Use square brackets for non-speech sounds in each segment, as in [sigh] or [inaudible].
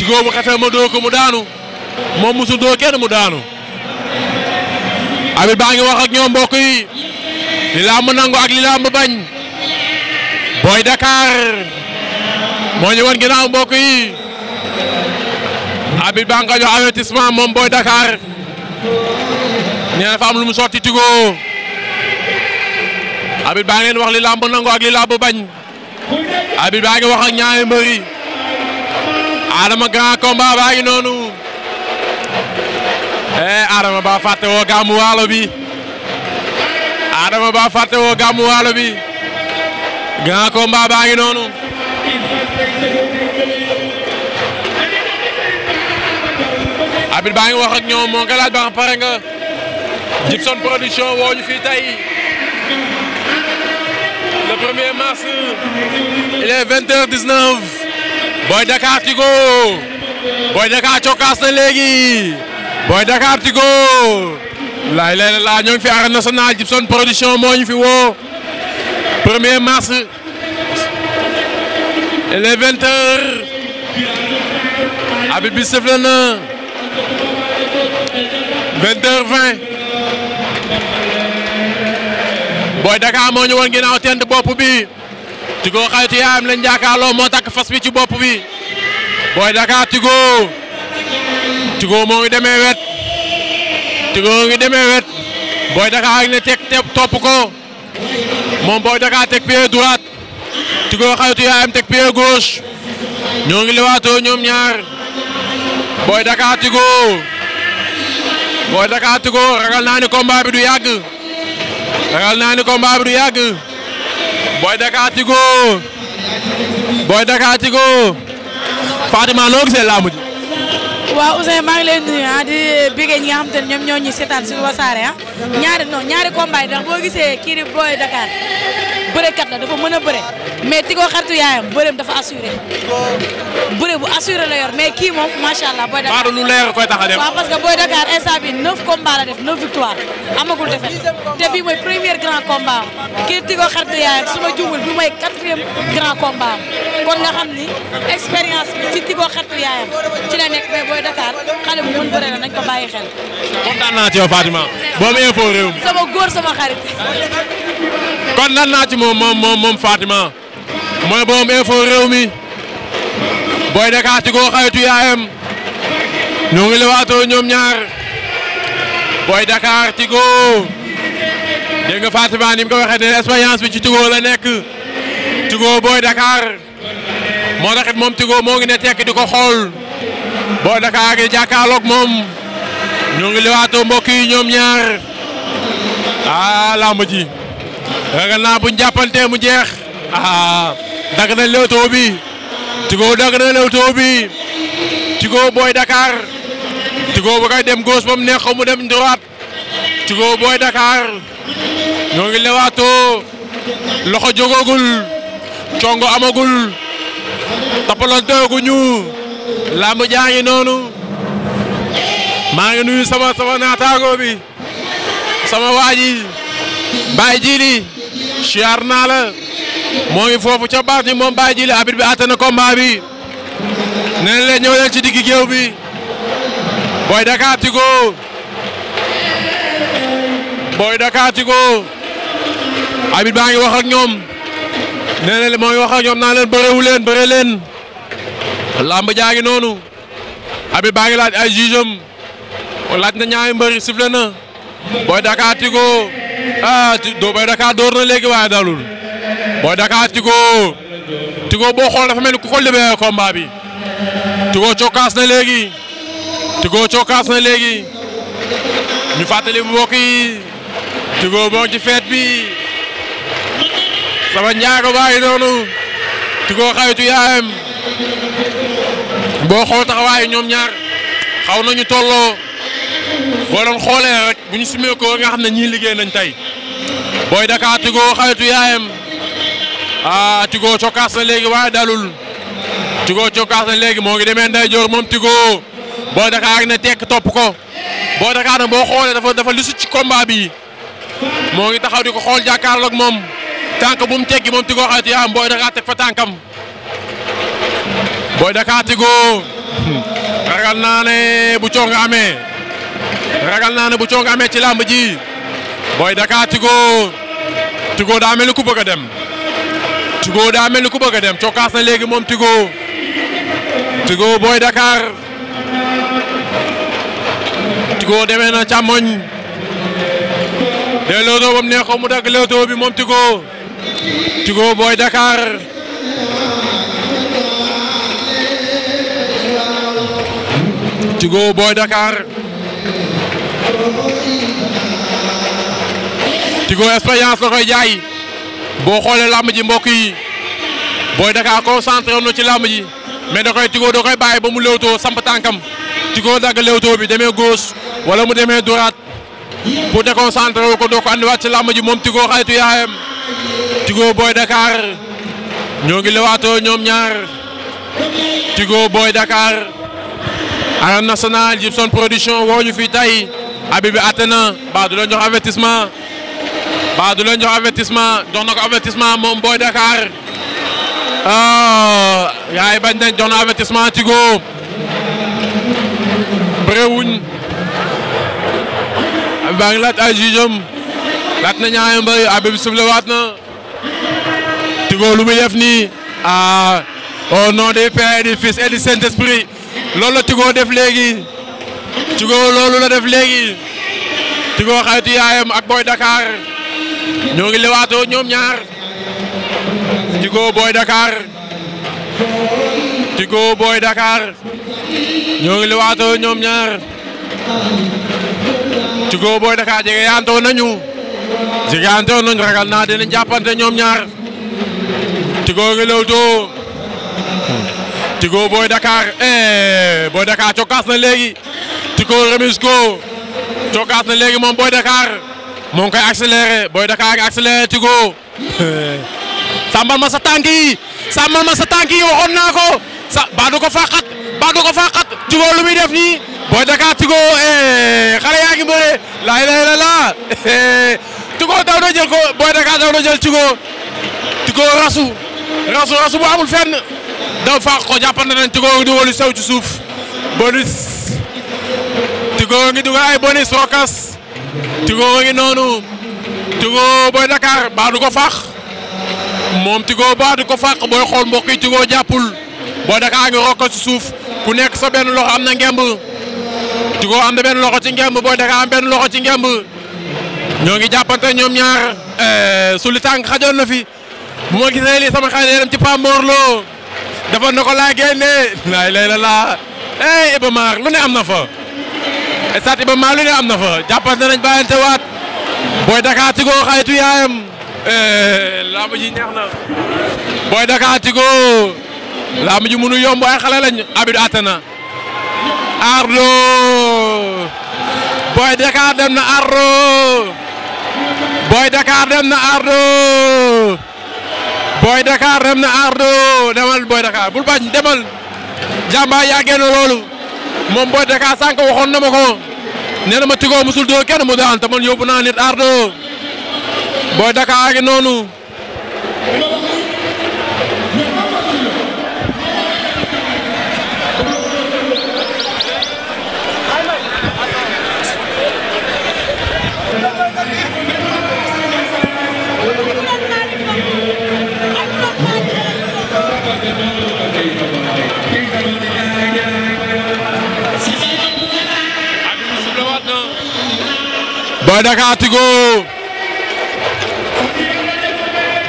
Tigo bu xasee ma doo mu daanu moom mosul doo kenn mu daanu. Habib baa ngi wax ak ñoo mbokk yi li làmb nangu ak li làmb bañ Boy Dakar moo ñu woon ginnaaw mbokk yi Habib baa nga jox avertissement moom Boy Dakar nee na fa lu mu sotti Tigo Habib baa ngeen wax li làmb nangu ak li làmb bañ Habib baa ngi wax ak ñaari mbër Adama grand combat baa ngi noonu eh Adama ba fàtte woo waalo bi grand combat baa ngi noonu abit baa ngi wax ak ñoom moo ngi laaj ba production woo ñu fii tey premier mars il est 20h19 Boy Dakar Tigo Boy Dakar cokkaas na léegi Boy Dakar Tigo laay leen laa ñoo fi arène nationale Djibson production moo ñu fi woo premier mars les vingt heures arbitre bi sifflé na vingt heures vingt Boy Dakar moo ñu woon ginnaaw tent bopp bi Tigo xaritu yaayam lañ jàkkaarloo moo takk fas bi ci bopp bi Boy Dakar Tigo Tigo moo ngi demee wet Tigo ngi demee wet Boy Dakar ngi ne teg topp ko moom Boy Dakar teg pied droite Tigo xaritu yaayam teg pied gauche ñoo ngi lewaatoo ñoom ñaar Boy Dakar Tigo Boy ragal naa ni combat bi du yàgg ragal naa ni combat bi du yàgg. Boy Dakar Tigo Boy noo gisee làmb ji. waaw Ousseyn maa ngi lay nuyu ah di bëggee ñi nga ñoom ñoo ñuy seetaan suñu wasaare ah ñaari non ñaari combat yi boo gisee kii di Boy Dakar. bërekat la dafa mën a bëre mais Tigo xaritu yaayam bëreem dafa assuré bëre bu assuré la yor mais kii moom macha allah. booy Dakar Maodo lu leer koy tax a def. waaw parce que booy Dakar instant bi neuf combats la def neuf victoire amagul defet te bii mooy premier grand combat am kii Tigo xaritu yaayam su ma juumul bi mooy quatrième grand combat am kon nga xam ni expérience bi Tigo xaritu yaayam ci la nekk mais booy Dakar xale bu mën bëre la nañ ko bàyyi xel. kontaan naa ci yow Fatima. kon lan naa ci moom moom moom moom Fatima mooy borom info réew mi booy Dakar ci xaytu yaayam ñoo ngi lewaatoo ñoom ñaar booy Dakar ci koo dégg nga Fatima ni mu ko waxee ne expérience bi ci Tigo la nekk Tigo booy Dakar moo taxit moom Tigo moo ngi ne tekk di ko xool booy Dakar gi jàkkaarloog moom ñoo ngi lewaatoo mbokk yi ñoom ñaar ah làmb ragal naa bu jàppantee mu jeex ah dagg na lewtoo bi Tigo dagg na lewtoo bi Tigo Boy Dakar Tigo ba koy dem gauche ba mu neex ko mu dem droite Tigo Boy Dakar ñoo ngi lewaatoo loxo jógagul congo amagul tapalantooguñu làmb jaa ngi noonu maa ngi nuyu sama sama naataango bi sama waa ji siyaar naa la moo ngi foofu ca baat ñi moom bàyyi ji la abit bi àtte na combat bi nee leen ñëw ci diggi géew bi Boy Dakar Tigo Boy Dakar abit baa ngi wax ñoom nee na moo ngi wax ñoom naa leen bërewu leen bëre leen làmb jaa ngi noonu abit baa laaj ay jugeem laaj na ñaari mbër sifle na Boy Dakar ah Boy Dakar door na léegi waaye dalul Boy Dakar Tigo Tigo boo xool dafa mel ni ku ko libéré combat bi Tigo na léegi Tigo cokkaas na léegi ñu fàttali mbokk yi Tigo moo ci feet bi sama njaago noonu Tigo xaytu yaayam boo xool taxawaayu ñoom ñaar xaw nañu tolloo. boo doon rek bu ñu sumee ko nga xam ne ñii liggéey nañ tey booy Dakar Tigo xaritu yaayam ah Tigo cokkaas na léegi waaye dalul Tigo cokkaas na léegi moo ngi demee ndeyjoor moom Tigo booy Dakar ne tekk topp ko booy Dakar nag boo xoolee dafa dafa lisu ci combat bi moo ngi taxaw di ko xool jàkkaarloog moom tànk bu mu teggi moom Tigo xaritu yaayam booy Dakar teg fa tànkam booy Dakar Tigo [laughs] ragal naa ne bu coow nga amee. ragal naa ne bu coow amee ci làmb ji Boy Dakar Tigo Tigo daa mel ni ku bëgg a dem Tigo daa mel ni ku bëgg dem cokkaas na léegi moom Tigo Tigo booy Dakar Tigo demee na càmmoñ de lootoo ba mu neexoo mu dagg lootoo bi moom Tigo Tigo Boy Dakar Tigo Boy Dakar Tigo expérience la koy jaay boo xoolee làmb ji mbokk yi Boy Dakar concentré woon ci làmb ji mais da koy Tigo da koy bàyyi ba mu léwtoo samp tànkam Tigo dagg léwtoo bi demee gauche wala mu demee droite pour déconcentré wu ko doo ko andiwaat ci làmb ji moom Tigo xaytu yaayam Tigo Boy Dakar ñoo ngi lewaatoo ñoom ñaar Tigo Boy Dakar Arène Nationale Production woo ñu fii tey abi bi atte na baa leen jox avertissement baa du leen jox avertissement jox na ko avertissement moom Boy Dakar oh, yaay bañ nañ jox na avertissement Tigo bëre wuñ baa ngi laaj ay na ñaari mbër abi bi na Tigo lu muy def nii noo ah, nom du Père et du Fils et du esprit loolu la Tigo def léegi Tigo loolu la def léegi Tigo xaritu yaayam ak Boy Dakar ñoo ngi lewaatoo ñoom ñaar Tigo Boy Dakar Tigo Boy Dakar ñoo ngi lewaatoo ñoom ñaar Tigo Boy Dakar jege yaantoo nañu jege yaantoo nañu ragal naa dinañ jàppante ñoom ñaar Tigo ngi lewtoo Tigo Boy Dakar eh Boy Dakar cokkaas na léegi. ko remise ko jokkaat na léegi moom Boy Dakar moo ngi koy accéléré Boy Dakar ngi accéléré Tigo sàmbal [laughs] ma sa tànk yi sàmbal ma sa tànk naa ko sa baadu ko faaxat baadu ko faaxat Tigo lu muy def nii Boy Dakar Tigo eh, xale yaa ngi bëre la laa [laughs] Tigo daw na ko Boy Dakar daw na jël Tigo Tigo rasu rasu rasu bu amul fenn daw faax ko jàppante nañ Tigo wolu sew ci suuf Tigo ngi dugal ay boni Socas Tigo ngi noonu Tigo booy Dakar baa ko faax moom Tigo baa du ko faax booy xool mbokk yi Tigo jàppul booy Dakar ngi rokko ci suuf ku nekk sa benn loxo am na ngemb Tigo am na benn loxo ci ngemb booy Dakar am benn loxo ci ngemb ñoo ngi jàppante ñoom ñaar su li tàng na fi bu ma gisee lii sama xel yi dem ci Pape Mor dafa na ko laa génnee lay la laa ey lu ne am na fa stade Iba Mar ne am na fa jàppante nañ bàyyante waat Boy Dakar Tigo xaytu yaayam eh, lamb ji neex na Boy Dakar Tigo lamb ji mënu yomb ay xale lañ abid atana Ardo Boy Dakar dem na Ardo Boy Dakar dem na Ardo demal Boy Dakar bul bañ demal jàmbaar yàggee na loolu moom Boy Dakar sànq waxoon na nee na ma Tigo musul doo kenn mu daan te yóbbu naa nit ardo booy Dakar a ngi noonu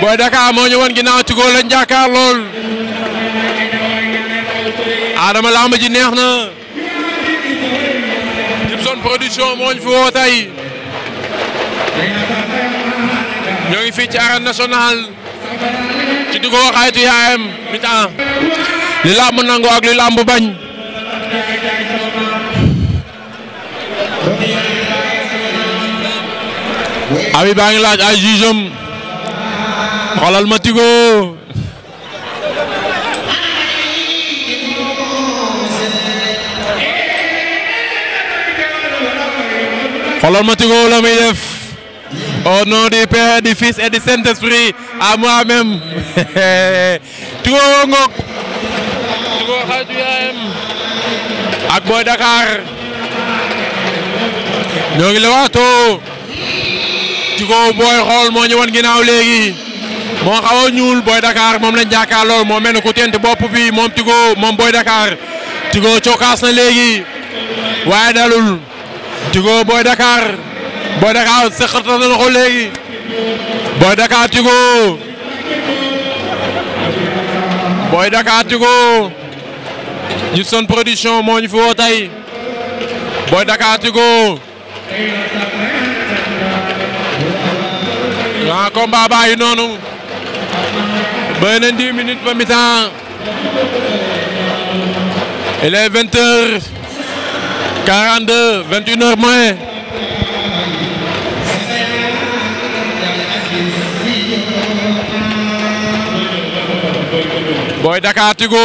Boy Dakar moo ñëwoon ginnaaw Tigo lañ jàkkaar lool Adama lamb ji neex na Djibson production moo fi woo tey ñoo ngi fii ci arène nationale ci Tigo xaytu yaayam mitan li lamb nangu ak li lamb bañ abi baa ngi laaj ay jugeum xoolal ma Tigo la muy def au nom du Père du Fils et du Saint-Esprit à moi-même [laughs] Tigo woo ngoog Tigo xaaju yaayam ak Boy Dakar ñoo ngi lewaatoo Tigo booy xool moo ñëwoon ginnaaw léegi moo xaw a ñuul Boy Dakar moom lañ jàkkaar moo mel ne ku tent bopp bi moom Tigo moom Boy Dakar Tigo cokaas na léegi waaye dalul Tigo Boy Dakar Boy Dakar sëqatal na ko léegi Boy Dakar Tigo Boy Dakar Tigo Gibson production moo fi woo tey Boy Dakar Tigo grand combat baa yi noonu bëri na 10 minutes ba mi-temps il est 20 heures 42 21 heures moins Boy Dakar Tigo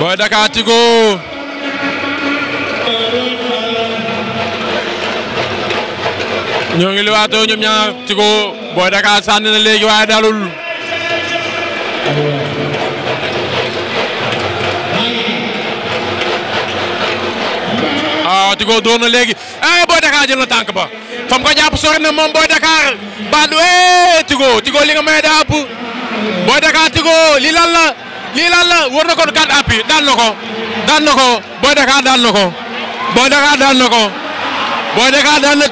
Boy Dakar Tigo ñoo ngi liwaatoo ñoom ñaar Tigo Boy Dakar sànni na léegi waaye dalul. waaw ah, Tigo dóor na léegi eh Boy Dakar jël ba fam ko jàpp sori na moom Boy Dakar baadu eh Tigo Tigo li nga la lii la war ko gàtt appui daan na ko daan ko Boy Dakar daan na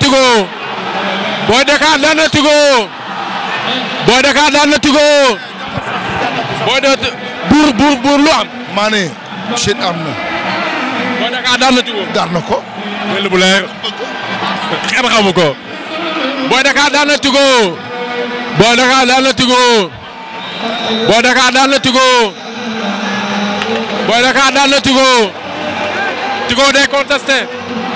Boy Dakar daan na Tigo Boy Dakar daan na Tigo Boy de lu am. maa ne Chine am na. Boy Dakar daan na Tigo. daan ko. jël bu lay xel ko. Boy Dakar daan na Tigo. Boy Dakar daan na Tigo. Boy Dakar daan na